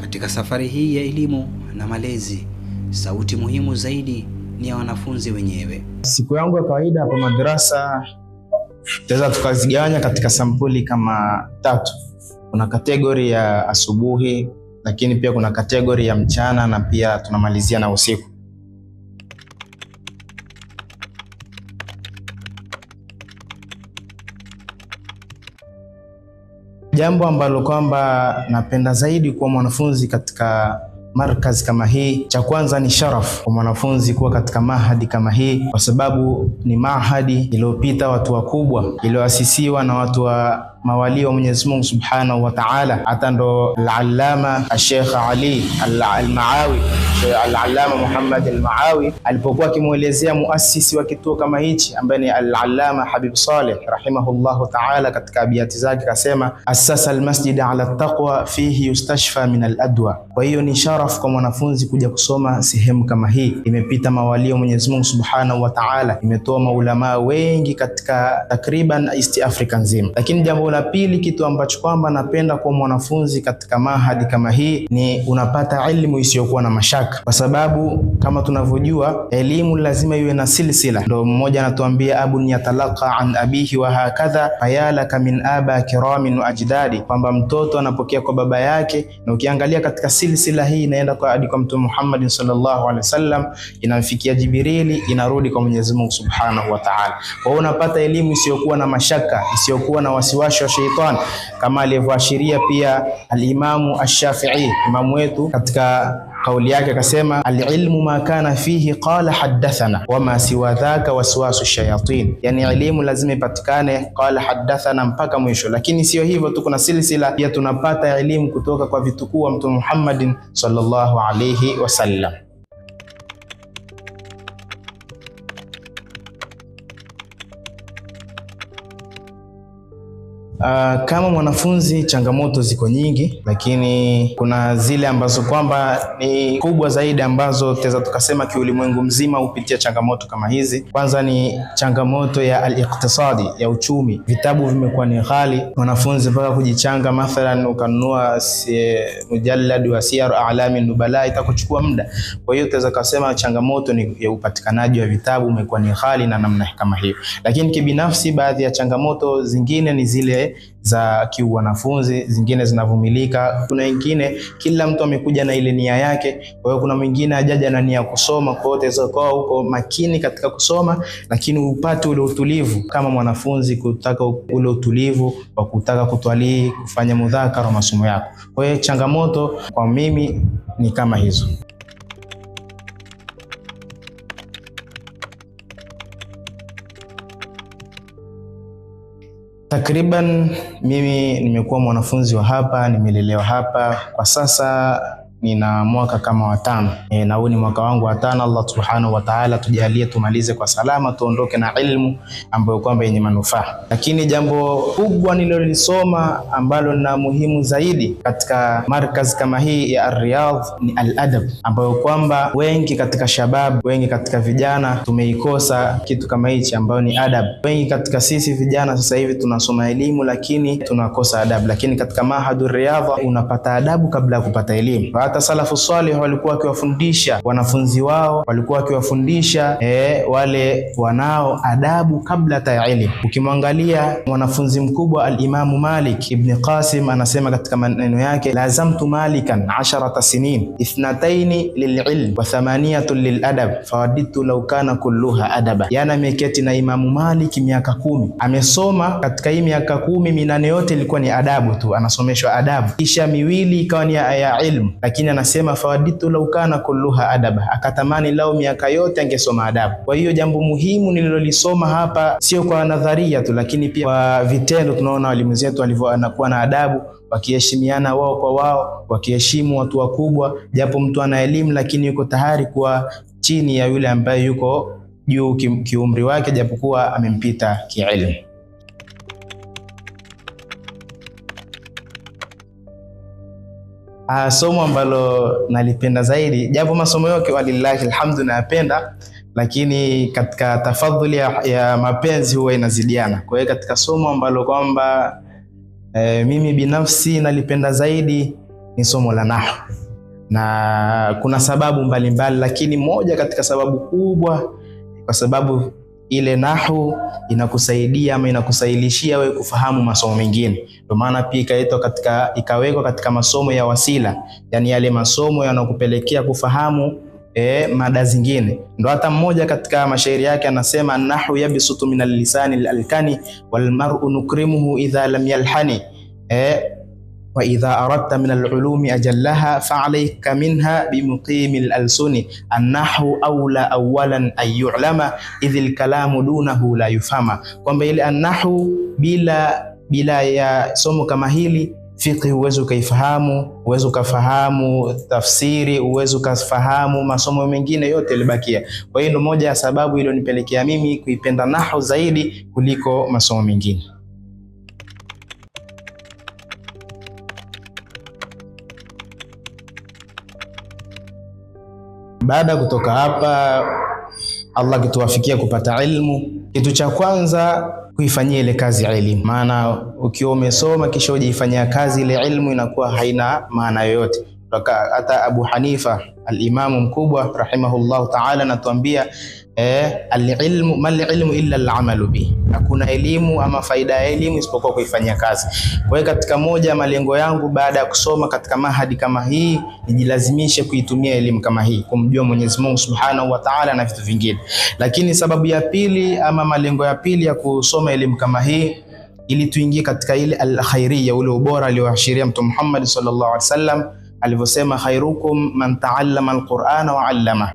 Katika safari hii ya elimu na malezi, sauti muhimu zaidi ni ya wanafunzi wenyewe. Siku yangu ya kawaida hapa madrasa tunaweza tukazigawanya katika sampuli kama tatu. Kuna kategori ya asubuhi, lakini pia kuna kategori ya mchana na pia tunamalizia na usiku. Jambo ambalo kwamba napenda zaidi kuwa mwanafunzi katika markazi kama hii, cha kwanza ni sharafu kwa mwanafunzi kuwa katika mahadi kama hii, kwa sababu ni mahadi iliyopita watu wakubwa, iliyoasisiwa na watu wa mawalio wa Mwenyezi Mungu Subhanahu wa Ta'ala, hata ndo al-Allama Sheikh Ali al-Maawi al-Allama Muhammad al-Maawi alipokuwa akimwelezea muasisi wa kituo kama hichi ambaye ni al-Allama Habib Saleh rahimahullahu ta'ala, katika abiati zake akasema, asasa al-masjid ala taqwa fihi yustashfa min al-adwa. Kwa hiyo ni sharaf kwa mwanafunzi kuja kusoma sehemu kama hii. Imepita mawalio wa Mwenyezi Mungu Subhanahu wa Ta'ala, imetoa maulamaa wengi katika takriban East Africa nzima, lakini jambo la pili, kitu ambacho kwamba napenda kwa mwanafunzi katika mahadi kama hii ni unapata elimu isiyokuwa na mashaka, kwa sababu kama tunavyojua elimu lazima iwe na silsila. Ndio mmoja anatuambia abun yatalaka an abihi wa hakadha fayalaka min aba kiramin wa ajdadi, kwamba mtoto anapokea kwa baba yake, na ukiangalia katika silsila hii inaenda kwa hadi kwa Mtume Muhammad sallallahu alaihi wasallam, inamfikia Jibrili, inarudi kwa Mwenyezi Mungu subhanahu wa ta'ala. Kwa hiyo unapata elimu isiyokuwa na mashaka, isiyokuwa na wasiwasi kumsafisha sheitan, kama alivyoashiria pia alimamu Ash-Shafi'i, imamu wetu katika kauli yake akasema, alilmu ma kana fihi qala hadathana wama siwa dhaka waswasu shayatin, yani elimu lazima ipatikane qala hadathana mpaka mwisho. Lakini sio hivyo tu, kuna silsila pia tunapata elimu kutoka kwa vitukuu wa Mtume Muhammadin sallallahu alayhi wasallam. Uh, kama mwanafunzi changamoto ziko nyingi, lakini kuna zile ambazo kwamba ni kubwa zaidi ambazo tunaweza tukasema kiulimwengu mzima hupitia changamoto kama hizi. Kwanza ni changamoto ya al-iqtisadi ya uchumi, vitabu vimekuwa ni ghali, mwanafunzi mpaka kujichanga, mathalan ukanunua si, wa Siyar A'lami Nubala itakuchukua muda. Kwa hiyo tunaweza kusema changamoto ni ya upatikanaji wa vitabu umekuwa ni ghali na namna kama hiyo, lakini kibinafsi, baadhi ya changamoto zingine ni zile za kiwanafunzi zingine zinavumilika, kuna wengine kila mtu amekuja na ile nia yake. Kwa hiyo kuna mwingine ajaja na nia kusoma, kwa hiyo utaweza kuwa uko makini katika kusoma, lakini upate ule utulivu kama mwanafunzi, kutaka ule utulivu wa kutaka kutwalii, kufanya mudhakara wa masomo yako. Kwa hiyo changamoto kwa mimi ni kama hizo. Takriban mimi nimekuwa mwanafunzi wa hapa, nimelelewa hapa. Kwa sasa nina mwaka kama watano e, na huu ni mwaka wangu watano. Allah subhanahu wa ta'ala tujalie tumalize kwa salama, tuondoke na ilmu ambayo kwamba yenye manufaa. Lakini jambo kubwa nilolisoma ambalo na muhimu zaidi katika markaz kama hii ya Riyadh ni aladab, ambayo kwamba wengi katika shabab, wengi katika vijana tumeikosa kitu kama hichi ambayo ni adab. Wengi katika sisi vijana sasa hivi tunasoma elimu lakini tunakosa adab, lakini katika mahadu Riyadh unapata adabu kabla ya kupata elimu hata salafu salih walikuwa wakiwafundisha wanafunzi wao, walikuwa wakiwafundisha e, wale wanao adabu kabla ta ilmu. Ukimwangalia mwanafunzi mkubwa Alimamu Malik Ibn Qasim anasema katika maneno yake, lazamtu malikan asharata sinin ithnataini lililm wa thamaniyatun liladab fawaditu law kana kulluha adaba. Yana ameketi na Imamu Malik miaka kumi amesoma katika hii miaka kumi minane yote ilikuwa ni adabu tu, anasomeshwa adabu, kisha miwili ikawa ni ya ilmu, lakini lakini anasema fawaditu lau kana kulluha adaba, akatamani lao miaka yote angesoma adabu. Kwa hiyo jambo muhimu nililolisoma hapa sio kwa nadharia tu, lakini pia kwa vitendo. Tunaona walimu zetu walivyo anakuwa na adabu wakiheshimiana wao kwa wao, wakiheshimu watu wakubwa. Japo mtu ana elimu, lakini yuko tayari kuwa chini ya yule ambaye yuko juu kiumri wake, japokuwa amempita kielimu. Uh, somo ambalo nalipenda zaidi japo masomo yote walillahi alhamdu nayapenda, lakini katika tafadhuli ya, ya mapenzi huwa inazidiana. Kwa hiyo katika somo ambalo kwamba eh, mimi binafsi nalipenda zaidi ni somo la nahu, na kuna sababu mbalimbali mbali, lakini moja katika sababu kubwa kwa sababu ile nahu inakusaidia ama inakusailishia wewe kufahamu masomo mengine. Ndio maana pia ikaitwa katika, ikawekwa katika masomo ya wasila, yani yale masomo yanakupelekea kufahamu E, mada zingine ndo hata mmoja katika mashairi yake anasema nahu yabsutu min allisani lalkani walmaru nukrimuhu idha lam yalhani e, wa idha aradta min alulumi ajallaha fa alayka minha bi bimuqimi lalsuni annahu awla awalan an yulama idh lkalamu dunahu la yufama, kwamba ile annahu bila, bila ya somo kama hili fiqhi huwezi ukaifahamu, huwezi ukafahamu tafsiri, huwezi ukafahamu masomo mengine yote yalibakia. Kwa hiyo ndio moja ya sababu iliyonipelekea mimi kuipenda nahu zaidi kuliko masomo mengine. Baada ya kutoka hapa, Allah kituwafikia kupata ilmu, kitu cha kwanza kuifanyia ile kazi elimu, maana ukiwa umesoma kisha hujaifanyia kazi ile ilmu inakuwa haina maana yoyote hata Abu Hanifa al alimamu mkubwa rahimahullahu taala anatuambia eh, al-ilmu mal ilmu illa al alamalu bi, hakuna elimu ama faida ya elimu isipokuwa kuifanyia kazi. Kwa hiyo katika moja ya malengo yangu baada ya kusoma katika mahadi kama hii, nijilazimishe kuitumia elimu kama hii kumjua Mwenyezi Mungu Subhanahu wa Ta'ala na vitu vingine. Lakini sababu ya pili ama malengo ya pili ya kusoma elimu kama hii ili tuingie katika ile al alkhairiya, ule ubora alioashiria Mtume Muhammad sallallahu alaihi wasallam alivyosema khairukum man taallama alqur'ana wa allama.